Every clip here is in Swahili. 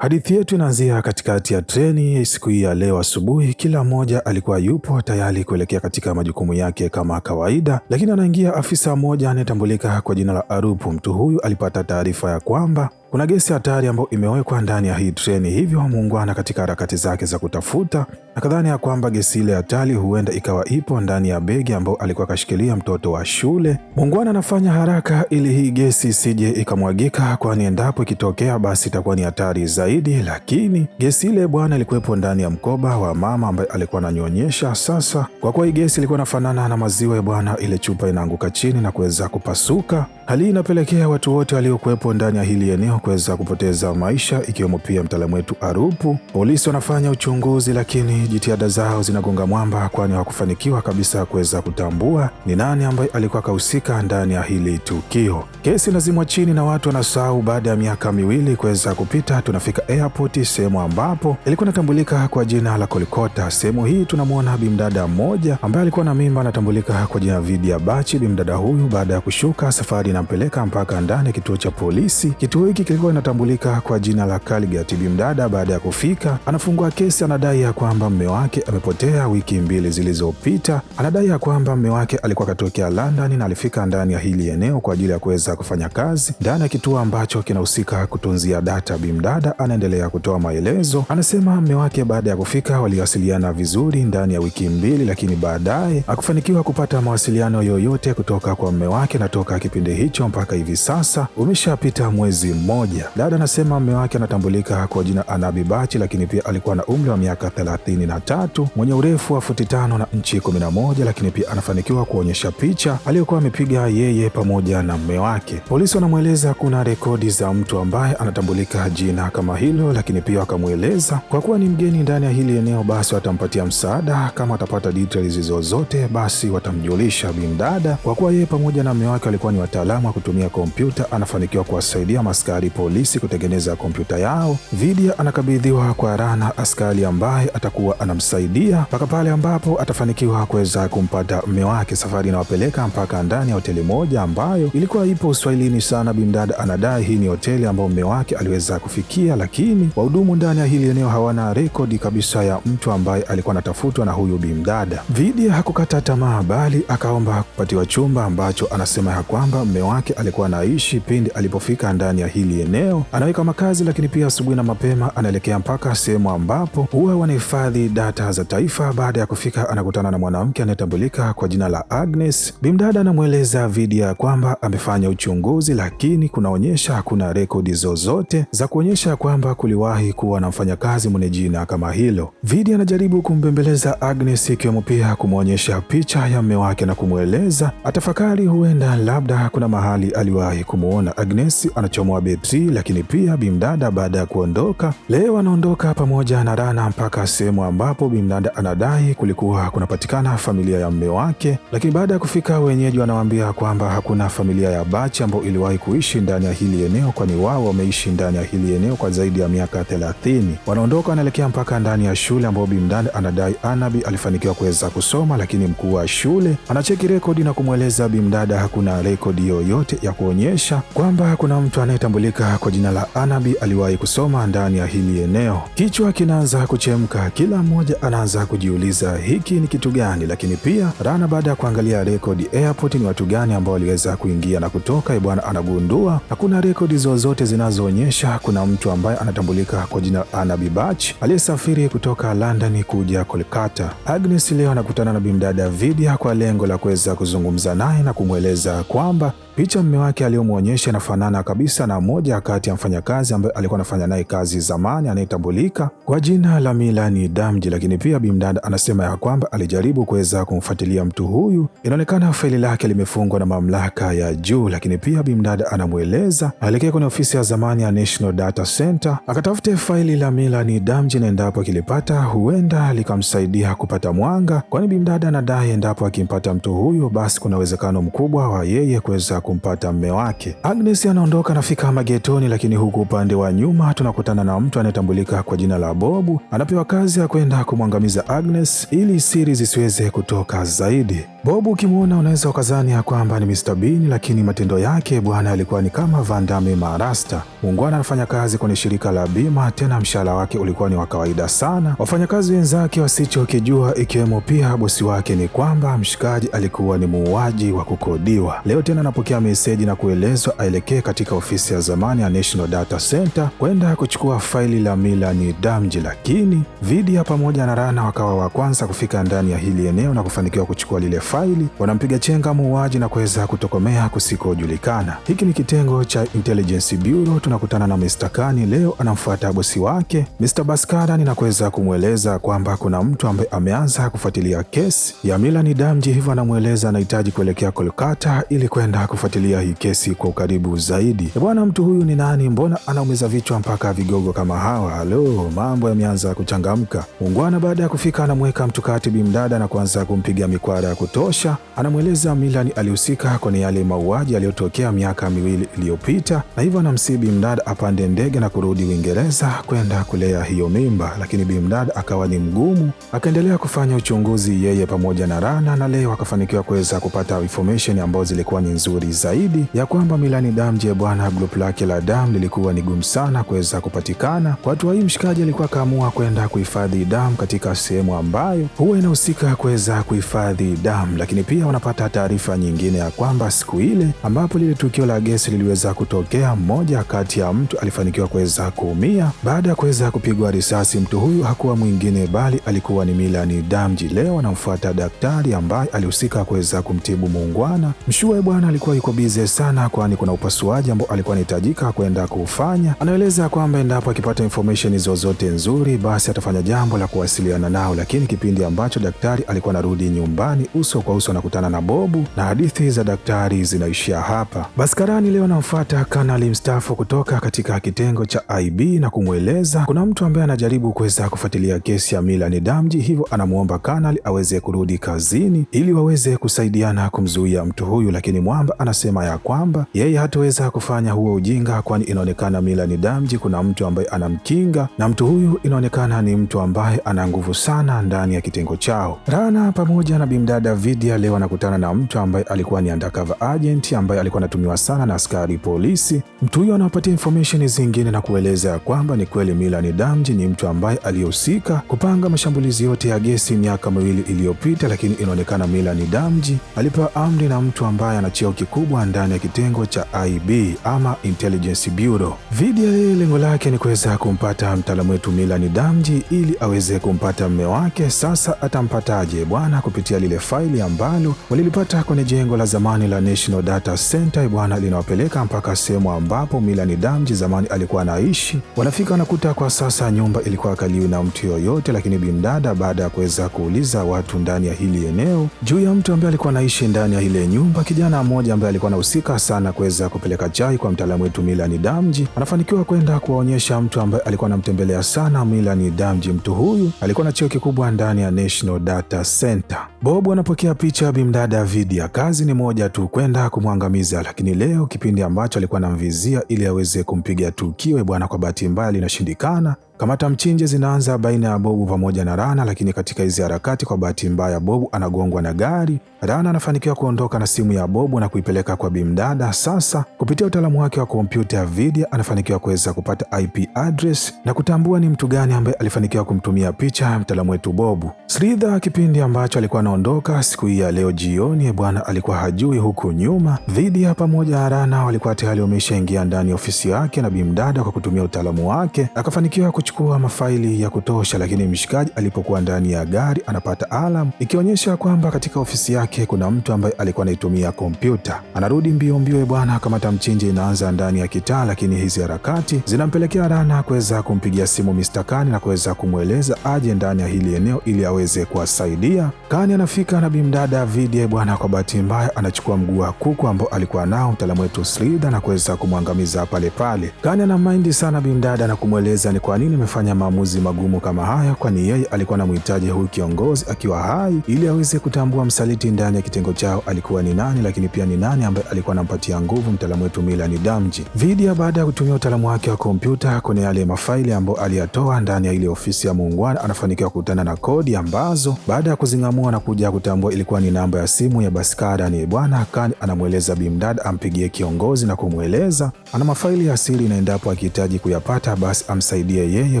Hadithi yetu inaanzia katikati ya treni siku hii ya leo asubuhi. Kila mmoja alikuwa yupo tayari kuelekea katika majukumu yake kama kawaida, lakini anaingia afisa mmoja anayetambulika kwa jina la Arupu. Mtu huyu alipata taarifa ya kwamba kuna gesi hatari ambayo imewekwa ndani ya hii treni, hivyo muungwana katika harakati zake za kutafuta akadhani ya kwamba gesi ile hatari huenda ikawa ipo ndani ya begi ambayo alikuwa akashikilia mtoto wa shule. Muungwana anafanya haraka ili hii gesi isije ikamwagika, kwani endapo ikitokea basi itakuwa ni hatari zaidi. Lakini gesi ile bwana ilikuwepo ndani ya mkoba wa mama ambaye alikuwa ananyonyesha. Sasa kwa kuwa hii gesi ilikuwa inafanana na maziwa ya bwana, ile chupa inaanguka chini na kuweza kupasuka. Hali inapelekea watu wote waliokuwepo ndani ya hili eneo kuweza kupoteza maisha ikiwemo pia mtaalamu wetu Arupu. Polisi wanafanya uchunguzi, lakini jitihada zao zinagonga mwamba, kwani hawakufanikiwa kabisa kuweza kutambua ni nani ambaye alikuwa akahusika ndani ya hili tukio. Kesi inazimwa chini na watu wanasahau. Baada ya miaka miwili kuweza kupita, tunafika airport, sehemu ambapo ilikuwa inatambulika kwa jina la Kolikota. Sehemu hii tunamwona bimdada mmoja ambaye alikuwa na mimba anatambulika kwa jina Vidia Bachi. Bimdada huyu baada ya kushuka, safari inampeleka mpaka ndani ya kituo cha polisi. Kituo hiki Kitengo inatambulika kwa jina la Kaligati, bimdada baada ya kufika anafungua kesi, anadai ya kwamba mme wake amepotea wiki mbili zilizopita. Anadai ya kwamba mme wake alikuwa akatokea London na alifika ndani ya hili eneo kwa ajili ya kuweza kufanya kazi ndani ya kituo ambacho kinahusika kutunzia data. Bimdada anaendelea kutoa maelezo, anasema mme wake baada ya kufika waliwasiliana vizuri ndani ya wiki mbili, lakini baadaye hakufanikiwa kupata mawasiliano yoyote kutoka kwa mme wake, na toka kipindi hicho mpaka hivi sasa umeshapita mwezi mmoja moja. Dada anasema mume wake anatambulika kwa jina Anabi Bachi, lakini pia alikuwa na umri wa miaka 33 tatu, mwenye urefu wa futi tano na nchi 11, lakini pia anafanikiwa kuonyesha picha aliyokuwa amepiga yeye pamoja na mume wake. Polisi wanamweleza kuna rekodi za mtu ambaye anatambulika jina kama hilo, lakini pia wakamweleza kwa kuwa ni mgeni ndani ya hili eneo, basi watampatia msaada. Kama atapata details zozote, basi watamjulisha bimdada. Kwa kuwa yeye pamoja na mume wake walikuwa ni wataalamu wa kutumia kompyuta, anafanikiwa kuwasaidia maskari askari polisi kutengeneza kompyuta yao. Vidya anakabidhiwa kwa Rana askari ambaye atakuwa anamsaidia mpaka pale ambapo atafanikiwa kuweza kumpata mme wake. Safari inawapeleka mpaka ndani ya hoteli moja ambayo ilikuwa ipo uswahilini sana. Bimdada anadai hii ni hoteli ambayo mme wake aliweza kufikia, lakini wahudumu ndani ya hili eneo hawana rekodi kabisa ya mtu ambaye alikuwa anatafutwa na huyu bimdada. Vidya hakukata tamaa, bali akaomba kupatiwa chumba ambacho anasema ya kwamba mme wake alikuwa anaishi pindi alipofika ndani ya hili eneo, anaweka makazi, lakini pia asubuhi na mapema anaelekea mpaka sehemu ambapo huwa wanahifadhi data za taifa. Baada ya kufika, anakutana na mwanamke anayetambulika kwa jina la Agnes. Bimdada anamweleza Vidya kwamba amefanya uchunguzi, lakini kunaonyesha hakuna rekodi zozote za kuonyesha kwamba kuliwahi kuwa na mfanyakazi mwenye jina kama hilo. Vidya anajaribu kumbembeleza Agnes, ikiwemo pia kumwonyesha picha ya mme wake na kumweleza atafakari, huenda labda kuna mahali aliwahi kumwona. Agnes anachomoa bibs MC, lakini pia Bimdada baada ya kuondoka leo anaondoka pamoja na Rana mpaka sehemu ambapo Bimdada anadai kulikuwa kunapatikana familia ya mme wake, lakini baada ya kufika wenyeji wanawaambia kwamba hakuna familia ya Bachi ambayo iliwahi kuishi ndani ya hili eneo, kwani wao wameishi ndani ya hili eneo kwa zaidi ya miaka 30. Wanaondoka wanaelekea mpaka ndani ya shule ambao Bimdada anadai Anabi alifanikiwa kuweza kusoma, lakini mkuu wa shule anacheki rekodi na kumweleza Bimdada hakuna rekodi yoyote ya kuonyesha kwamba kuna mtu anayetambulika anayefahamika kwa jina la Anabi aliwahi kusoma ndani ya hili eneo. Kichwa kinaanza kuchemka, kila mmoja anaanza kujiuliza hiki ni kitu gani? Lakini pia Rana, baada ya kuangalia rekodi airport, ni watu gani ambao waliweza kuingia na kutoka, eh, bwana, anagundua hakuna rekodi zozote zinazoonyesha kuna mtu ambaye anatambulika kwa jina Anabi Bach aliyesafiri kutoka London kuja Kolkata. Agnes leo anakutana na bimdada Vidya kwa lengo la kuweza kuzungumza naye na kumweleza kwamba Picha mme wake aliyomwonyesha inafanana kabisa na moja kati ya mfanyakazi ambaye alikuwa anafanya naye kazi zamani, anayetambulika kwa jina la Milani Damji. Lakini pia Bimdada anasema ya kwamba alijaribu kuweza kumfuatilia mtu huyu, inaonekana faili lake limefungwa na mamlaka ya juu. Lakini pia Bimdada anamweleza aelekee kwenye ofisi ya zamani ya National Data Center akatafute faili la Milani Damji, na endapo akilipata huenda likamsaidia kupata mwanga, kwani Bimdada anadai endapo akimpata mtu huyu, basi kuna uwezekano mkubwa wa yeye kuweza kumpata mme wake. Agnes anaondoka anafika magetoni, lakini huku upande wa nyuma tunakutana na mtu anayetambulika kwa jina la Bobu. Anapewa kazi ya kwenda kumwangamiza Agnes ili siri zisiweze kutoka zaidi. Bobu ukimwona unaweza ukazani ya kwamba ni Mr Bean, lakini matendo yake bwana alikuwa ni kama Vandame Marasta. mungwana anafanya kazi kwenye shirika la bima, tena mshahara wake ulikuwa ni wa kawaida sana. Wafanyakazi wenzake wasichokijua, ikiwemo pia bosi wake, ni kwamba mshikaji alikuwa ni muuaji wa kukodiwa. Leo tena anapokea meseji na kuelezwa aelekee katika ofisi ya zamani ya National Data Center kwenda kuchukua faili la Milani Damji, lakini Vidya pamoja na Rana wakawa wa kwanza kufika ndani ya hili eneo na kufanikiwa kuchukua lile faili. Wanampiga chenga muuaji na kuweza kutokomea kusikojulikana. Hiki ni kitengo cha Intelligence Bureau. Tunakutana na Mr. Kani leo anamfuata bosi wake Mr. baskara na kuweza kumweleza kwamba kuna mtu ambaye ameanza kufuatilia kesi ya Milani Damji, hivyo anamweleza anahitaji kuelekea Kolkata ili kwenda kufuatilia hii kesi kwa ukaribu zaidi. E bwana, mtu huyu ni nani? Mbona anaumiza vichwa mpaka vigogo kama hawa? Halo, mambo yameanza kuchangamka. ungwana baada ya kufika anamweka mtukati mdada na kuanza kumpiga mikwara ya kutosha. Anamweleza Milan alihusika kwenye yale mauaji yaliyotokea miaka miwili iliyopita, na hivyo anamsihi bimdada apande ndege na kurudi Uingereza kwenda kulea hiyo mimba, lakini bimdada akawa ni mgumu, akaendelea kufanya uchunguzi yeye pamoja na Rana, na leo akafanikiwa kuweza kupata information ambazo zilikuwa ni nzuri zaidi ya kwamba Milani je bwana group lake la damu lilikuwa ni gumu sana kuweza kupatikana. Kwa hatua hii, mshikaji alikuwa akaamua kwenda kuhifadhi damu katika sehemu ambayo huwa inahusika kuweza kuhifadhi damu, lakini pia wanapata taarifa nyingine ya kwamba siku ile ambapo lile tukio la gesi liliweza kutokea, mmoja kati ya mtu alifanikiwa kuweza kuumia baada ya kuweza kupigwa risasi. Mtu huyu hakuwa mwingine bali alikuwa ni Milani Damji. Leo anamfuata daktari ambaye alihusika kuweza kumtibu muungwana. Mshue bwana alikuwa yuko bize sana, kwani kuna upasuaji ambao alikuwa anahitajika kwenda kufanya. Anaeleza kwamba endapo akipata information zozote nzuri, basi atafanya jambo la kuwasiliana nao, lakini kipindi ambacho daktari alikuwa anarudi nyumbani, uso kwa uso anakutana na Bobu na hadithi za daktari zinaishia hapa. Baskarani leo anamfuata kanali mstaafu kutoka katika kitengo cha IB na kumweleza kuna mtu ambaye anajaribu kuweza kufuatilia kesi ya ni Damji, hivyo anamwomba kanali aweze kurudi kazini ili waweze kusaidiana kumzuia mtu huyu, lakini mwamba ana anasema ya kwamba yeye hataweza kufanya huo ujinga, kwani inaonekana ni Damji kuna mtu ambaye anamkinga na mtu huyu inaonekana ni mtu ambaye ana nguvu sana ndani ya kitengo chao. Rana pamoja na bimdada Vidya leo anakutana na mtu ambaye alikuwa ni undercover agent ambaye alikuwa anatumiwa sana na askari polisi. Mtu huyo anawapatia information zingine na kueleza ya kwamba ni kweli ni Damji ni mtu ambaye aliyehusika kupanga mashambulizi yote ya gesi miaka miwili iliyopita, lakini inaonekana ni Damji alipewa amri na mtu ambaye ana cheo kubwa ndani ya kitengo cha IB ama Intelligence Bureau. Video hii lengo lake ni kuweza kumpata mtaalamu wetu Milani Damji ili aweze kumpata mme wake. Sasa atampataje bwana? Kupitia lile faili ambalo walilipata kwenye jengo la zamani la National Data Center bwana, linawapeleka mpaka sehemu ambapo milani Damji zamani alikuwa anaishi. Wanafika wanakuta kwa sasa nyumba ilikuwa kaliwi na mtu yoyote, lakini bimdada baada ya kuweza kuuliza watu ndani ya hili eneo juu ya mtu ambaye alikuwa anaishi ndani ya ile nyumba, kijana mmoja ambaye ambaye alikuwa anahusika sana kuweza kupeleka chai kwa mtaalamu wetu Milani Damji, anafanikiwa kwenda kuwaonyesha mtu ambaye alikuwa anamtembelea sana Milani Damji. Mtu huyu alikuwa na cheo kikubwa ndani ya National Data Center. Bob anapokea picha ya bimdada Vidya, kazi ni moja tu, kwenda kumwangamiza, lakini leo kipindi ambacho alikuwa anamvizia ili aweze kumpiga tukio bwana, kwa bahati mbaya linashindikana. Kamata mchinje zinaanza baina ya Bobu pamoja na Rana, lakini katika hizi harakati, kwa bahati mbaya, Bobu anagongwa na gari. Rana anafanikiwa kuondoka na simu ya Bobu na kuipeleka kwa bimdada. Sasa kupitia utaalamu wake wa kompyuta ya Vidya anafanikiwa kuweza kupata IP address na kutambua ni mtu gani ambaye alifanikiwa kumtumia picha mtaalamu wetu Bobu. Sridha, kipindi ambacho alikuwa anaondoka siku hii ya leo jioni, bwana alikuwa hajui. Huku nyuma Vidya pamoja na Rana walikuwa tayari wameshaingia ndani ya ofisi yake na bimdada kwa kutumia utaalamu wake akafanikiwa kuchukua mafaili ya kutosha, lakini mshikaji alipokuwa ndani ya gari anapata alam ikionyesha kwamba katika ofisi yake kuna mtu ambaye alikuwa anaitumia kompyuta. Anarudi mbio mbio bwana, kamata mchinje inaanza ndani ya kitaa, lakini hizi harakati zinampelekea Rana kuweza kumpigia simu Mr. Kani na kuweza kumweleza aje ndani ya hili eneo ili aweze kuwasaidia. Kani anafika na bimdada Vidye bwana, kwa bahati mbaya anachukua mguu wa kuku ambao alikuwa nao mtaalamu wetu Srida na kuweza kumwangamiza pale pale. Kani ana maindi sana bimdada na kumweleza ni kwa nini amefanya maamuzi magumu kama haya, kwani yeye alikuwa anamhitaji huyu kiongozi akiwa hai ili aweze kutambua msaliti ndani ya kitengo chao alikuwa ni nani, lakini pia ni nani ambaye alikuwa anampatia nguvu mtaalamu wetu Milani Damji. Vidya baada ya kutumia utaalamu wake wa kompyuta kwenye yale mafaili ambayo aliyatoa ndani ya ile ofisi ya muungwana, anafanikiwa kukutana na kodi ambazo baada ya kuzing'amua na kuja kutambua ilikuwa ni namba ya simu ya Baskara. Ni bwana Kani anamweleza Bimdad ampigie kiongozi na kumweleza ana mafaili ya siri na endapo akihitaji kuyapata basi amsaidie yeye ya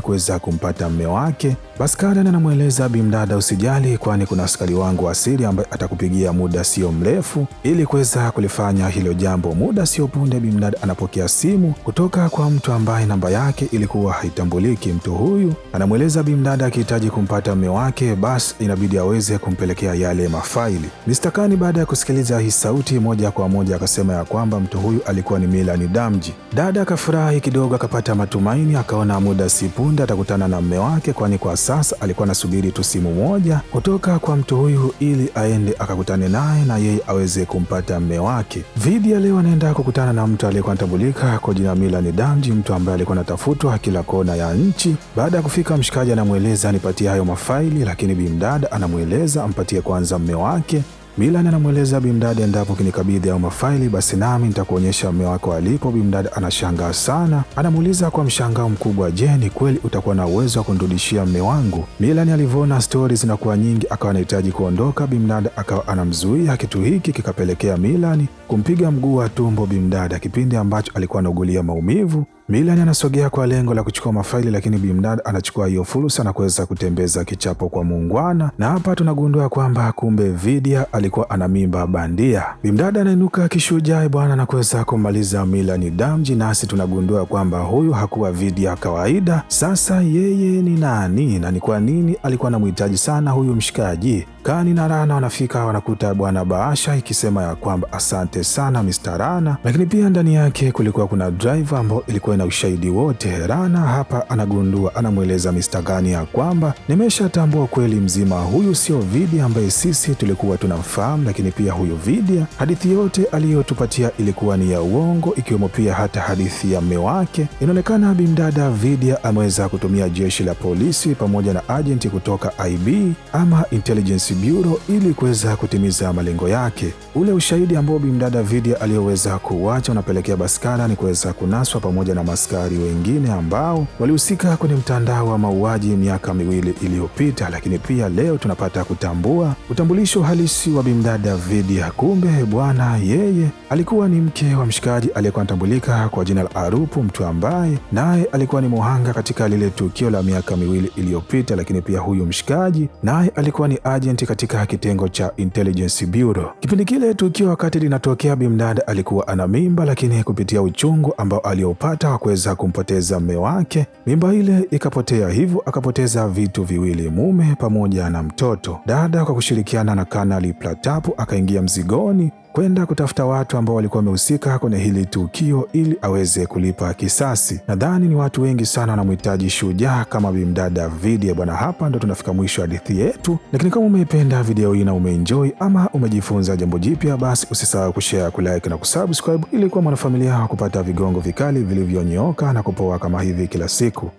kuweza kumpata mme wake. Basi anamweleza bimdada, usijali, kwani kuna askari wangu wa siri ambaye atakupigia muda sio mrefu ili kuweza kulifanya hilo jambo. Muda sio punde, bimdada anapokea simu kutoka kwa mtu ambaye namba yake ilikuwa haitambuliki. Mtu huyu anamweleza bimdada akihitaji kumpata mme wake, basi inabidi aweze kumpelekea yale mafaili. Mr. baada ya kusikiliza hii sauti moja kwa moja akasema ya kwamba mtu huyu alikuwa ni Milani Damji. Dada akafurahi kidogo, akapata matumaini, akaona muda si punde atakutana na mme wake, kwani kwa sasa alikuwa anasubiri tu simu moja kutoka kwa mtu huyu ili aende akakutane naye na yeye aweze kumpata mme wake. Vidya leo anaenda kukutana na mtu aliyekuwa anatambulika kwa jina ni Damji, mtu ambaye alikuwa anatafutwa kila kona ya nchi. Baada ya kufika, mshikaji anamweleza anipatie hayo mafaili, lakini bimdada anamweleza ampatie kwanza mme wake Milan anamweleza Bimdadi endapo kinikabidhi au mafaili basi nami nitakuonyesha mume wako alipo. Bimdadi anashangaa sana, anamuuliza kwa mshangao mkubwa, je, ni kweli utakuwa na uwezo wa kunirudishia mume wangu? Milan alivyoona stori zinakuwa nyingi akawa anahitaji kuondoka. Bimdadi akawa anamzuia. Kitu hiki kikapelekea Milan kumpiga mguu wa tumbo Bimdada kipindi ambacho alikuwa anaugulia maumivu. Milan anasogea kwa lengo la kuchukua mafaili, lakini Bimdad anachukua hiyo fursa na kuweza kutembeza kichapo kwa muungwana, na hapa tunagundua kwamba kumbe Vidia alikuwa ana mimba bandia. Bimdad anainuka kishujaa bwana na kuweza kumaliza Milan damji, nasi tunagundua kwamba huyu hakuwa Vidia kawaida. Sasa yeye ni nani na ni kwa nini alikuwa anamhitaji sana huyu mshikaji? Kani na Rana wanafika wanakuta bwana Baasha ikisema ya kwamba asante sana Mr. Rana, lakini pia ndani yake kulikuwa kuna driver ambao ilikuwa ina ushahidi wote. Rana hapa anagundua, anamweleza Mr. Kani ya kwamba nimeshatambua kweli mzima huyu sio Vidya ambaye sisi tulikuwa tunamfahamu, lakini pia huyu Vidya hadithi yote aliyotupatia ilikuwa ni ya uongo, ikiwemo pia hata hadithi ya mme wake. Inaonekana bimdada Vidya ameweza kutumia jeshi la polisi pamoja na ajenti kutoka IB ama intelligence Police Bureau ili kuweza kutimiza malengo yake. Ule ushahidi ambao Bimdada Vidya aliyoweza kuwacha unapelekea Baskara ni kuweza kunaswa pamoja na maskari wengine ambao walihusika kwenye mtandao wa mauaji miaka miwili iliyopita, lakini pia leo tunapata kutambua utambulisho halisi wa Bimdada Vidya. Kumbe bwana, yeye alikuwa ni mke wa mshikaji aliyekuwa anatambulika kwa jina la Arupu, mtu ambaye naye alikuwa ni muhanga katika lile tukio la miaka miwili iliyopita, lakini pia huyu mshikaji naye alikuwa ni agent agenti katika kitengo cha Intelligence Bureau. Kipindi kile tukio wakati linatokea, Bimdad alikuwa ana mimba, lakini kupitia uchungu ambao aliopata kuweza kumpoteza mme wake, mimba ile ikapotea, hivyo akapoteza vitu viwili, mume pamoja na mtoto. Dada kwa kushirikiana na Kanali Platapu akaingia mzigoni kwenda kutafuta watu ambao walikuwa wamehusika kwenye hili tukio ili aweze kulipa kisasi. Nadhani ni watu wengi sana wanamhitaji shujaa kama bimdada David. Bwana, hapa ndo tunafika mwisho hadithi yetu, lakini kama umeipenda video hii na umeenjoy ama umejifunza jambo jipya, basi usisahau kushare, kulike na kusubscribe ili kuwa mwanafamilia wa kupata vigongo vikali vilivyonyooka na kupoa kama hivi kila siku.